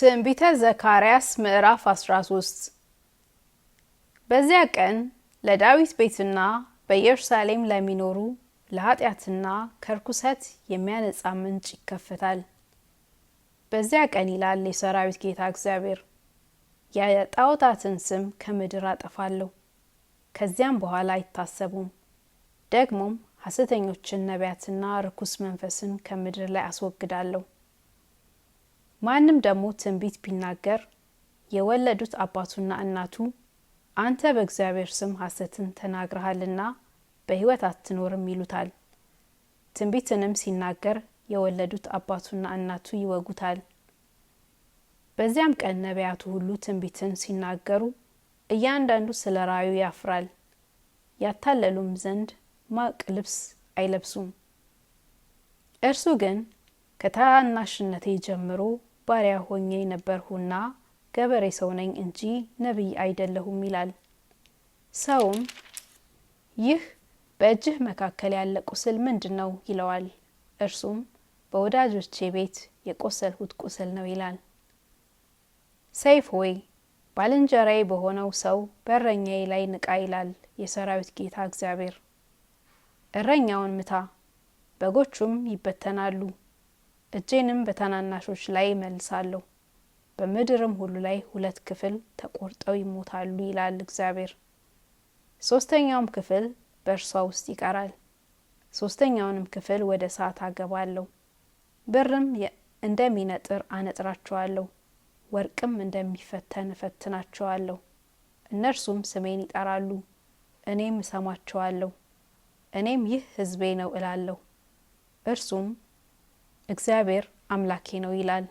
ትንቢተ ዘካርያስ ምዕራፍ 13 በዚያ ቀን ለዳዊት ቤትና በኢየሩሳሌም ለሚኖሩ ለኃጢአትና ከርኩሰት የሚያነጻ ምንጭ ይከፈታል። በዚያ ቀን ይላል የሰራዊት ጌታ እግዚአብሔር፣ የጣዖታትን ስም ከምድር አጠፋለሁ፣ ከዚያም በኋላ አይታሰቡም። ደግሞም ሐሰተኞችን ነቢያትና ርኩስ መንፈስን ከምድር ላይ አስወግዳለሁ። ማንም ደግሞ ትንቢት ቢናገር የወለዱት አባቱና እናቱ አንተ በእግዚአብሔር ስም ሐሰትን ተናግረሃልና በሕይወት አትኖርም ይሉታል። ትንቢትንም ሲናገር የወለዱት አባቱና እናቱ ይወጉታል። በዚያም ቀን ነቢያቱ ሁሉ ትንቢትን ሲናገሩ እያንዳንዱ ስለ ራዩ ያፍራል። ያታለሉም ዘንድ ማቅ ልብስ አይለብሱም። እርሱ ግን ከታናሽነቴ ጀምሮ ባሪያ ሆኜ ነበርሁና ገበሬ ሰው ነኝ እንጂ ነቢይ አይደለሁም ይላል። ሰውም ይህ በእጅህ መካከል ያለ ቁስል ምንድን ነው ይለዋል። እርሱም በወዳጆቼ ቤት የቆሰልሁት ቁስል ነው ይላል። ሰይፍ ሆይ ባልንጀራዬ በሆነው ሰው በእረኛዬ ላይ ንቃ ይላል የሰራዊት ጌታ እግዚአብሔር። እረኛውን ምታ፣ በጎቹም ይበተናሉ። እጄንም በታናናሾች ላይ መልሳለሁ፣ በምድርም ሁሉ ላይ ሁለት ክፍል ተቆርጠው ይሞታሉ ይላል እግዚአብሔር። ሶስተኛውም ክፍል በእርሷ ውስጥ ይቀራል። ሶስተኛውንም ክፍል ወደ እሳት አገባለሁ። ብርም እንደሚነጥር አነጥራቸዋለሁ፣ ወርቅም እንደሚፈተን እፈትናቸዋለሁ። እነርሱም ስሜን ይጠራሉ፣ እኔም እሰማቸዋለሁ። እኔም ይህ ሕዝቤ ነው እላለሁ። እርሱም እግዚአብሔር አምላኬ ነው ይላል።